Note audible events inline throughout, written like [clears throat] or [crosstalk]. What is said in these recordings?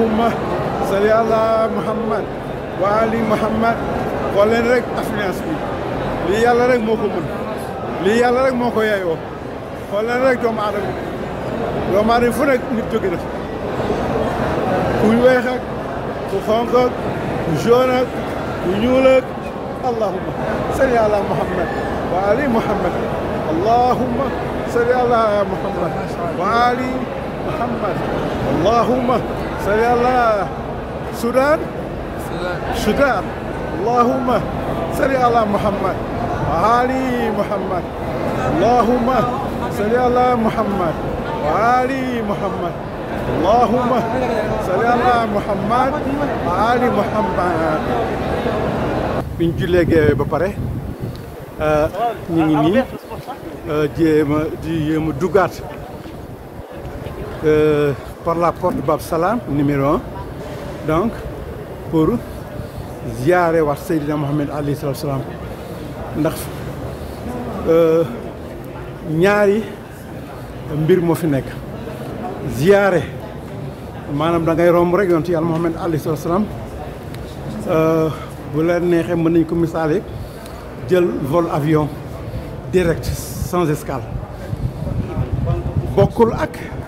اللهم صل على محمد وعلي محمد ولن رك تفني اسمي لي يلا رك موكو من لي يلا رك موكو يايو ولن رك دوم عرب دوم عرب فنك نتوكي دف كوي ويخك كخونكك كجونك كنيولك اللهم صل على محمد وعلي محمد اللهم صل على محمد وعلي محمد Muhammad Allahumma salli ala Sudan Sudan Allahumma salli ala Muhammad Ali Muhammad Allahumma salli ala Muhammad Ali Muhammad Allahumma salli ala Muhammad Ali Muhammad biñ lagi bapare, ini ini ñu ngi nii di jéem Euh, par la porte Bab Salam, numéro 1. Donc, pour ziare wa Sayyidina Mohamed Ali salaatu wa salaam ndax euh, ñaari mbir moo fi nekk ziare maanaam da ngay romb rek yonent Yàlla Mohamed Ali salaatu wa salaam euh, bu la neexee mën nañ ko jël vol avion direct sans escale bokkul ak.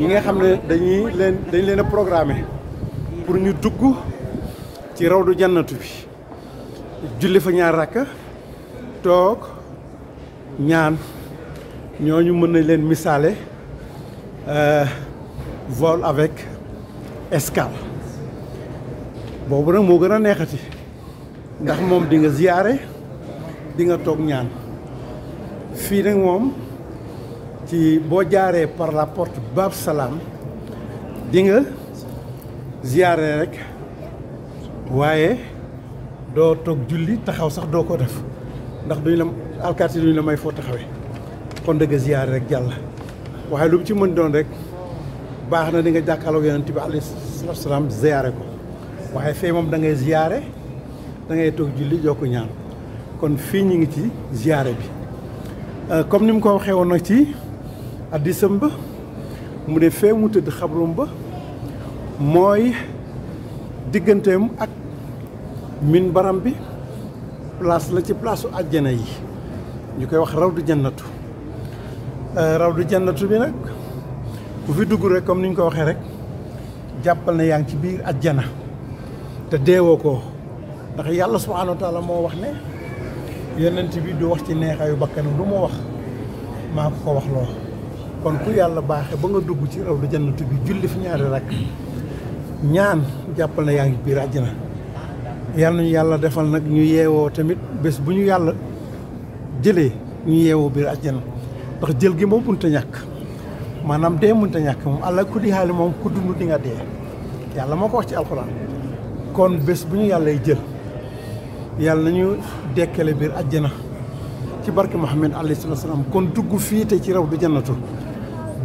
ñi nga xam ne dañuy leen dañ leen a programmer pour ñu dugg ci raw du jannatu bi julli fa ñaar rakk toog ñaan ñooñu mën nañ leen misaale euh, vol avec escale boobu nag moo gën a neexati ndax moom dinga nga ziyaare di toog ñaan fii nag moom ci bojare jaaree par la porte Bab Salam di nga ziaré rek waaye do tok julli taxaw sax do ko def ndax duñ la alkaati duñ la may fo taxawé kon deug ziaré rek jàll waaye lu ci mën doon rek baxna di nga jàkkaarloo bi alayhi ziaré ko waaye fé mom da ngay ziaré da ngay tok julli joko ñaan kon fining ñi ngi ci ziaré bi euh, comme ni ko hadisam ba mu ne fee mu digentem xabrum ba moy ak min baram bi place la ci placeu aljana yi ñukay wax rawdu jannatu euh rawdu jannatu bi nak ku fi dugg rek comme niñ ko waxe rek jappal na yaang ci biir aljana te deewoo ko ndax yalla subhanahu wa taala mo wax ne yonent bi du wax ci neexaayu bakkanu wax ma ko wax lo kon ku yalla baxé ba nga dugg ci raw lu jannatu bi julli fi ñaari rak ñaan jappal na yaangi bi biir yalla ñu yalla defal nak ñu yéwo tamit bés bu ñu yàlla jëlee ñu yéwo bi àjjana tax jël gi moom mënta ñàkk maanaam dee mënta ñàkk moom allah ku di hal mom ku dund di nga dé yalla mako wax ci alcorane kon bés bu ñu yàllay jël yalla nañu dékkalé bir aljana ci barke Muhammad alayhi salaam kon duggu fi te ci raw du jannatu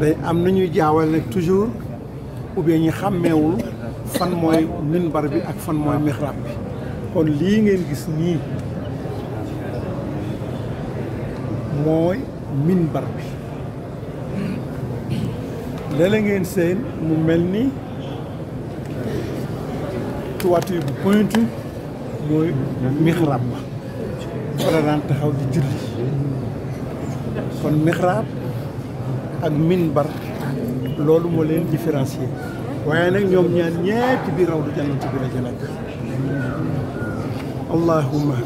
day am na ñuy jaawal nag toujours ou bien ñu xàmmeewul fan mooy minbar bi ak fan mooy mihrab kon lii ngeen gis nii mooy minbar bi léeg-léeg ngeen seen mu mel ni tuwaatu bu pointu mooy mihrab ba fa la daan taxaw di julli kon mihrab ak minbar loolu mo len différencier waye nak ñom ñaan ñëpp bi raw du jannati bi la ci allahumma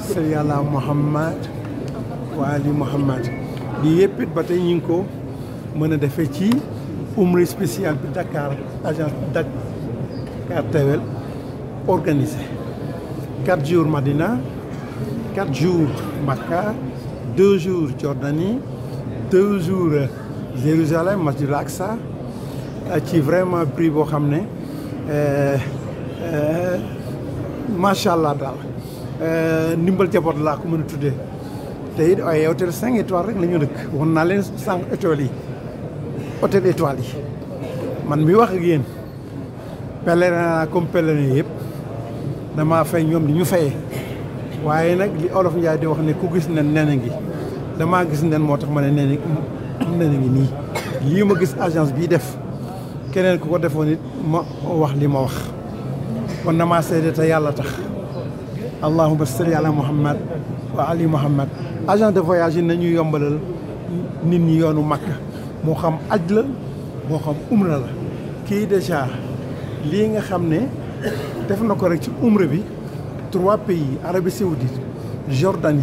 salli ala muhammad wa ali muhammad Di yepit batay ñing ko mën a ci umri spécial bi Dakar agence Dakar cartel organisé 4 jours Madina 4 jours makkah 2 jours Jordanie deux jours Jérusalem masjid al-Aqsa qui euh, vraiment prix boo xam ne euh, euh, macha allah daal ndimbal jaboot la ko mën a tuddee te it ay hôtel 5 étoiles rek la ñu dëkk woon naa leen cinq étoiles yi hôtel étoiles yi man mi wax ak yéen pèlerin naa comme pèlerin yëpp damaa fay ñom li ñu fayé wayé nak li olof Njaay di wax ne ku gis na nen ngi damaa gis nen moo tax ma ne nee na ngi nii lii ma gis agence bii def keneen ku ko defoon it ma wax li ma wax kon damaa seede te yàlla tax allahuma salli ala muhammad wa ali muhammad agence de voyage yi nañu yombalal nit ñi yoonu Makka moo xam aj la moo xam umra la kii déjà lii nga xam ne def na ko rek ci umra bi trois pays Arabie Saoudite Jordanie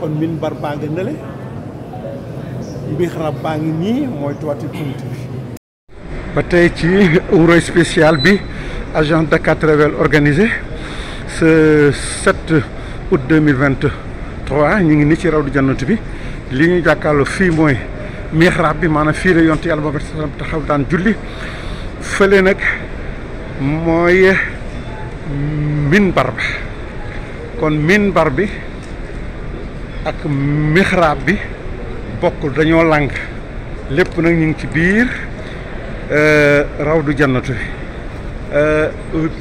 kon min bar baa nga nële mbix rab baa ngi nii mooy toiti bi ba tey ci ouray spécial bi agent quatre vel organisé ce 7 août 2023 ñi ngi ni ci rawdu jannatu bi li ñu jàkkaarloo fi moy mihrab bi mana fi la yonte yalla bobu sallam taxaw daan julli fele nak moy minbar kon minbar bi ak mihrab bi bokkul dañoo lànk lépp nag ñu ngi ci biir euh, rawdu jannatu bi euh,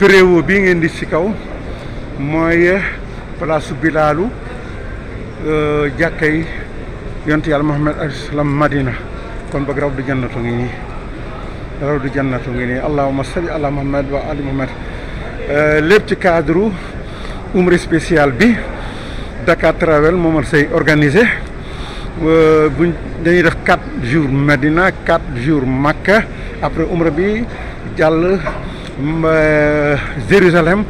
prewo bi ngeen di ci kaw moy place euh jakkay yontu yalla Muhammad alayhi Madina kon bëgg rawdu jannatu ngi nii rawdu jannatu ngi ni allahumma salli ala Muhammad wa ali Muhammad euh, lepp ci cadre umre spécial bi Dakar Travel moom say organisé buñ dañuy def 4 jours Medina 4 jours Makkah après umra bi jàll Jérusalem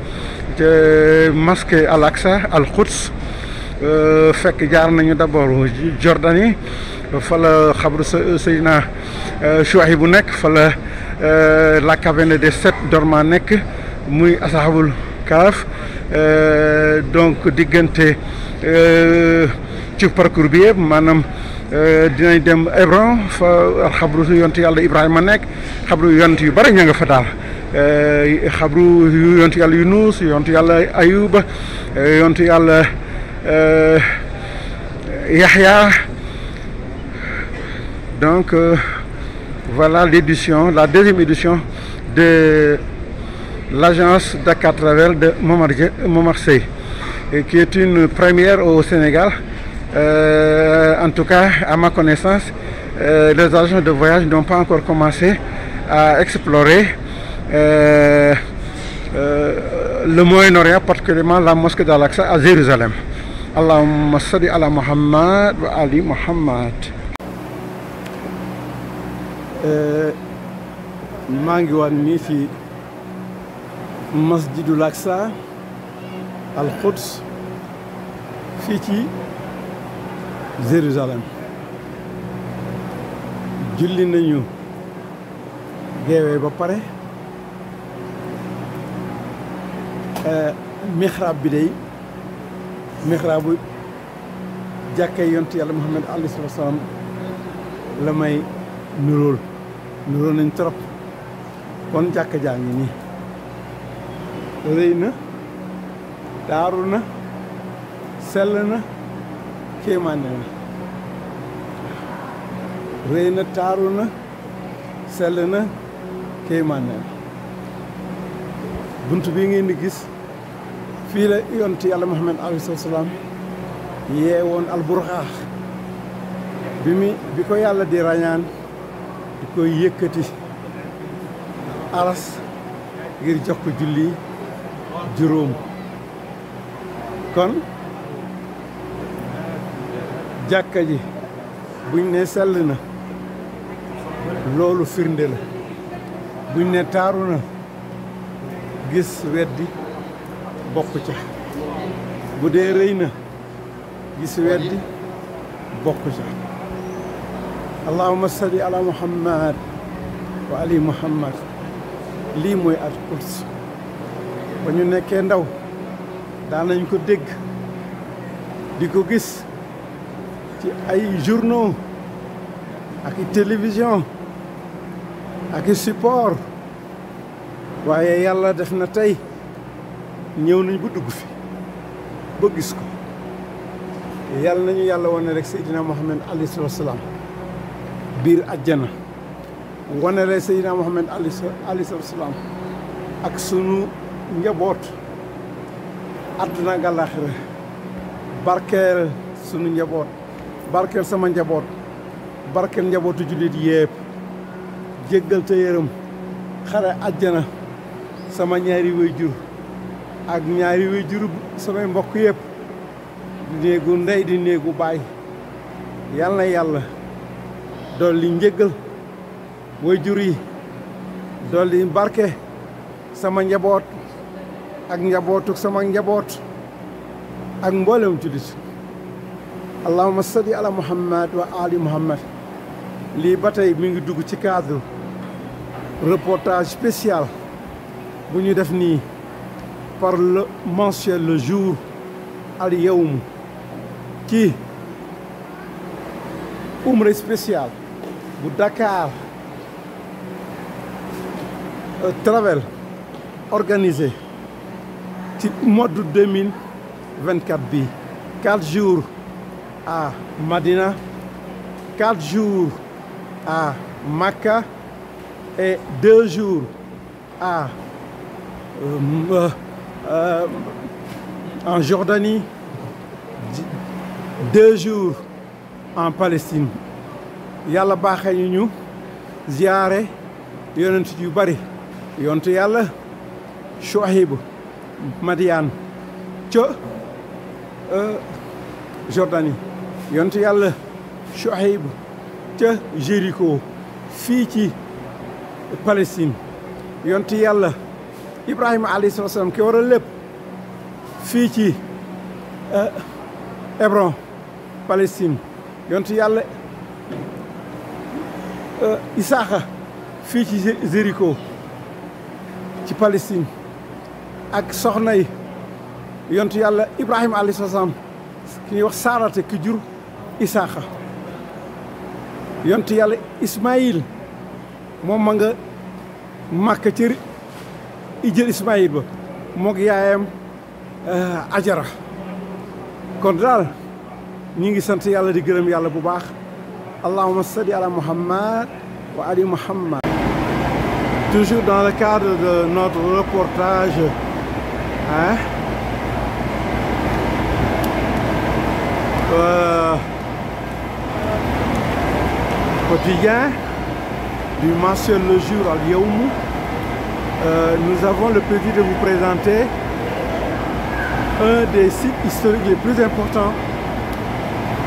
te Masque Al Aqsa Al Quds fekk jaar nañu d'abord Jordanie fa la xabru Seydina Chouaïb bu nekk fa la la caverne des sept dormants nek muy asaxabul CAF euh, donc diggante euh, ci parcours bi manam maanaam euh, dinañ dem Hebron fa xabru yontu Yalla Ibrahima nek xabru yont yu bari ña nga fa daal xabru yontu Yalla Yunus yontu Yalla Ayuba yontu euh Yahya donc voilà l'édition la deuxième édition de l'agence Dakar Travel de Montmartre, qui est une première au Sénégal. Euh, en tout cas, à ma connaissance, euh, les agents de voyage n'ont pas encore commencé à explorer euh, le Moyen-Orient, particulièrement la mosquée d'Al-Aqsa à Jérusalem. Allahumma salli ala Muhammad wa ali Muhammad. masjidul aqsa al quds fi ci jerusalem julli nañu geewee ba euh mihrab bi day al jakké yontu yalla muhammad ali sallallahu wasalaam wasallam lamay nurul nurul nañ trop kon ni rëy na taaru na sell na kéemaane na na taaru na sell na kéemaane bunt bii ngeen di gis fii la yonti yàlla Muhammad alayhi salaam yee woon alburxaax bi mi bi ko di rañaan di koy yëkkati aras ngir jox ko juróom kon jàkka ji buñ ne sell na loolu firnde buñ ne taaru na gis weddi bokk ca bu dee rëy na gis weddi bokk ca allahumma salli ala muhammad wa ali muhammad lii mooy al quds ba ñu nekkee ndaw daan nañ ko dégg di ko gis ci ay journaux ak i télévision ak i support waaye yàlla def na tey ñëw nañ ba dugg fi ba ko yàlla nañu yàlla wane rek Seydina Mohamed alayhi salaatu wa salaam biir àjjana wane rek Seydina Mohamed alayhi salaatu ak sunu njabot aduna gal akhira barkel sunu njabot barkel sama njabot barkel njabootu julit yeb djegal te yeram xare aljana sama ñaari wayjur ak ñaari wayjur sama mbokk yeb di néegu ndey di néegu bay yalla yalla doli njegal wayjuri doli barke sama njabot ak njabootuk sama njaboot ak mboolem jullit allahuma salli ala muhammad wa ali muhammad lii ba tey mi ngi dugg ci cadre reportage spécial bu ñu def nii par le mensuel le jour al yawm ci umra spécial bu Dakar euh, travel organisé ci mois 2024 4 jours à Madina 4 jours à Makka et 2 jours à euh, euh, en Jordanie 2 jours en Palestine yalla baxé ñu ziaré a yu bari yonent yalla shuhaybu Madiane ca Jordanie yontu yàlla Shuaib ca Jéricho fii ci Palestine yontu yàlla Ibrahima alayhi salaatu salaam ki waral lépp fii ci Hébron Palestine yontu yàlla Isaaxa fii ci Jéricho ci Palestine ak soxna yontu yalla Ibrahim Ali salaam ki wax saarate ki jur isaaxa yontu yalla ismaayil mom ma nga màkk cër ijël ismaayil ba mok yaayam eh, ajara kon daal ñi ngi sant yalla di gërëm yalla bu baax allahumma salli ala muhammad wa ali muhammad toujours dans le cadre de notre reportage quotidien hein? euh, du mensuel Le Jour à euh, nous avons le plaisir de vous présenter un des sites historiques les plus importants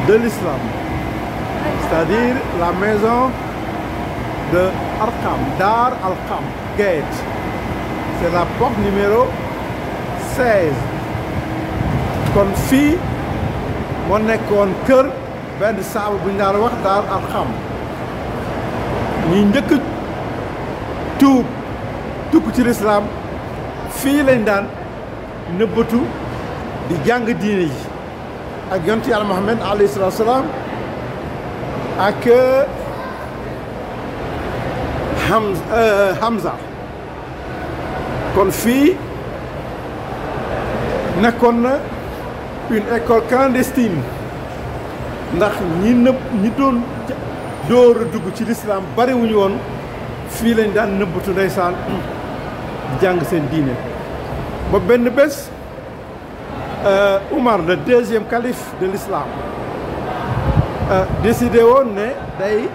de l'islam, c'est-à-dire la maison de Dar Al-Kham Gate. C'est la porte numéro 16 kon fii moo nekkoon kër benn saabu bu ñu daan wax daal al ñi njëkk tuub tukk ci lislaam fii lañ daan nëbbatu di jàng diine ji ak yontu yàlla Muhammad alayhi salaatu salaam ak euh, euh, Hamza kon fii nekkoon na une école clandestine ndax ñi nëb ñi doon door a dugg ci lislaam wuñu woon fii lañ daan nëbbatu ndeysaan [clears throat] jàng seen diine ba benn bés euh, Umar le deuxième calife de l'islam euh, décidé woon ne day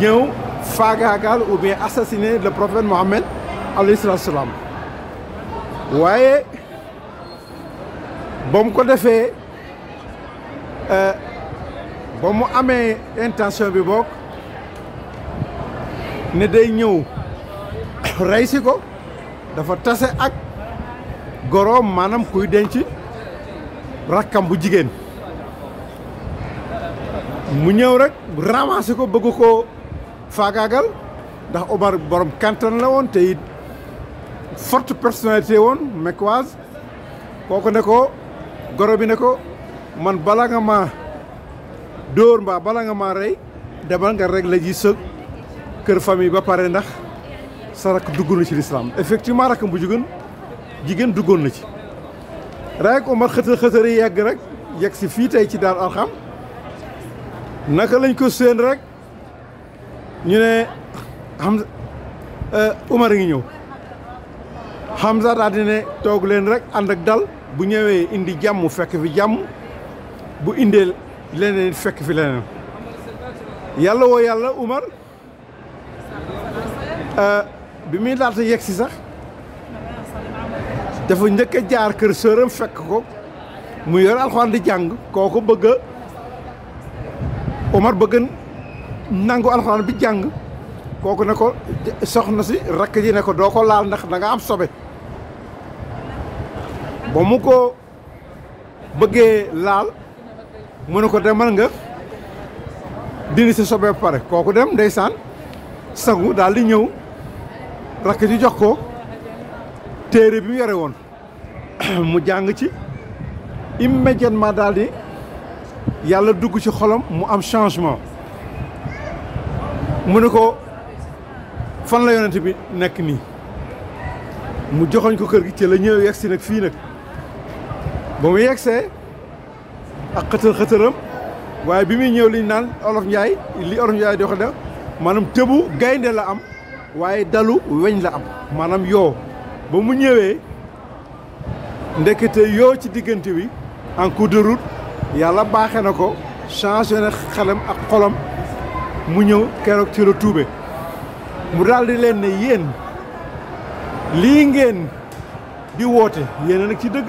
ñëw faagaagal ou bien assassiner le prophète Mohammed alayhi salaam waaye ba mu ko defee euh, ba mu amee intention bi bokk ne day ñëw [coughs] rey ko dafa tase ak goroom maanaam kuy denc rakkam bu jigéen mu ñëw rek ramassé ko bëgg koo faagaagal ndax Omar borom kantan la woon te it forte personnalité woon mecquoise kooku ne ko goro bi ne ko man bala nga maa dóor mbaa bala nga maa rey demal nga rek la ji sëg kër famille ba pare ndax sa rakk dugg na ci lislaam effectivement rakk bu jigéen jigéen duggoon na ci rek Omar xëtër xëtër yi yegg rek yegg si fii tey ci daal alxam naka lañ ko séen rek ñu ne xam euh, Omar a ngi ñëw Hamza daal di ne toog leen rek ànd dal bu ñëwee indi jàmm fekk fi jàmm bu indeel leneen fekk fi leneen yàlla woo yàlla Umar euh, bi muy laata yegg si sax dafa njëkk a jaar kër sëram fekk ko mu yor alxuraan di jàng kooku bëgg a Umar bëgg nangu alxuraan bi jàng kooku ne ko soxna si rakk ji ne ko doo ko laal ndax danga am sobe ba mu ko bëggee laal mu ne ko demal nga dindi sa sobe pare kooku dem ndeysaan sangu daal di ñëw rakk ji jox ko téere bi mu yore woon [clears throat] mu jàng ci immédiatement daal di yàlla dugg ci xolam mu am changement mu ne ko fan la yonent bi nekk nii mu joxoñ ko kër gi ci la ñëw yegsi nag fii nag ba mu yegsee ak waaye bi muy ñëw liñ naan olof njaay li olof njaay di wax def maanaam tëbu gaynde la am waaye dalu weñ la am maanaam yoo ba mu ñëwee ndekete yoo ci diggante bi en cours de route yàlla baaxe na ko change na xelam ak xolam mu ñëw keroog ci la tuube mu daal di leen ne yéen lii ngeen di woote yéen nag ci dëgg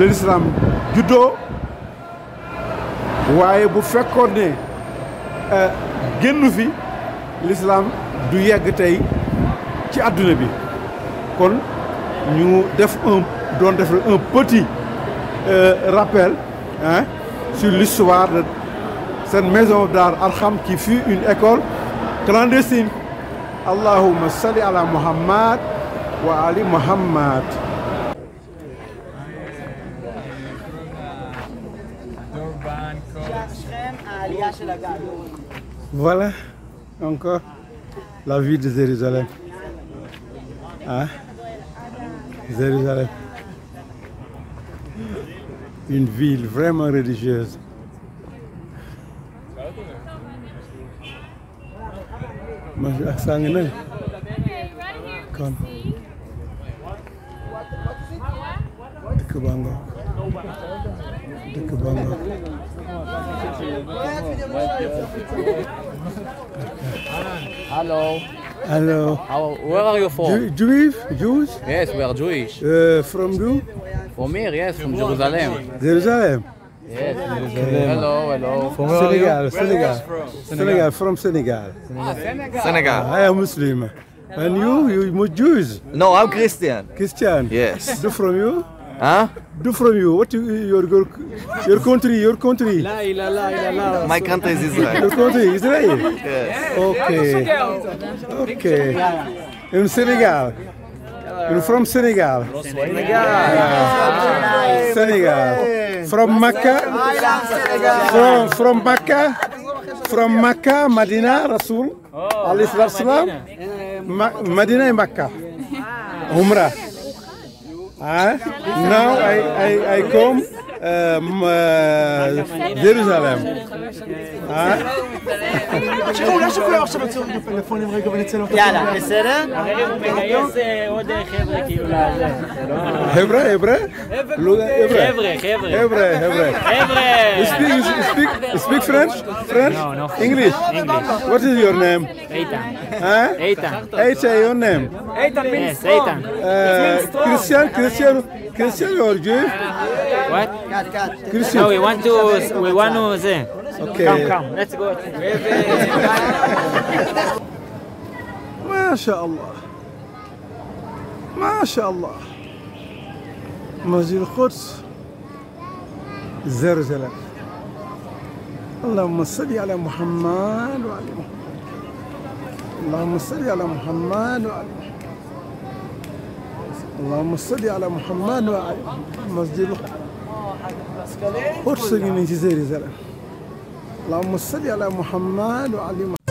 l'islam judo waye bu fekkone euh génn fi l'islam du yegg tay ci aduna bi kon ñu def un don def un petit euh, rappel hein sur l'histoire de cette maison d'art Al-Kham qui fut une école clandestine Allahumma salli ala Muhammad wa ali Muhammad Voilà encore la ville de Jérusalem. Hein? Jérusalem. Une ville vraiment religieuse. Ah, Hello. where are you from? Jewish? Jews? Yes, we are Jewish. Uh, from you? From here, yes, from Jerusalem. Jerusalem? Yes, Jerusalem. Hello, hello. From Senegal, Senegal. from Senegal. Ah, Senegal. Senegal. Ah, I am Muslim. And you, you Jews? No, I'm Christian. Christian? Yes. from you? Huh? Do from you. What your, your your country? Your country? La, la, la, la, la. My country is Israel. Your country is Israel. Yes. Okay. Okay. In Senegal. You're from Senegal. Senegal. Senegal. From Mecca. From from Mecca. From Mecca, Medina, Rasul. Oh. Alayhi salam. Medina and Mecca. Umrah. Hè? Nou, hij, hij, hij komt um, uh, Jeruzalem. Hè? אולי שכולם עכשיו יצאו עם הפלאפונים רגע ונצא לאותו יאללה, בסדר? נגייס עוד חבר'ה כאילו לזה. חבר'ה, חבר'ה? חבר'ה, חבר'ה. חבר'ה, חבר'ה. חבר'ה. You speak French? French? No, no. English? English. What is your name? Eitan. Huh? Eitan. Eitan, your name? Eitan means Yes, Eitan. Uh, Christian, Christian, Christian or Jew? What? Christian. No, we want to, we want to, Okay. Come, come. Let's go. ما شاء الله ما شاء الله مسجد القدس زرزلة اللهم صل على محمد وعلى محمد اللهم صل على محمد وعلى محمد اللهم صل على محمد وعلى محمد مسجد القدس قدس جنة زلزلة اللهم صل على محمد وعلى محمد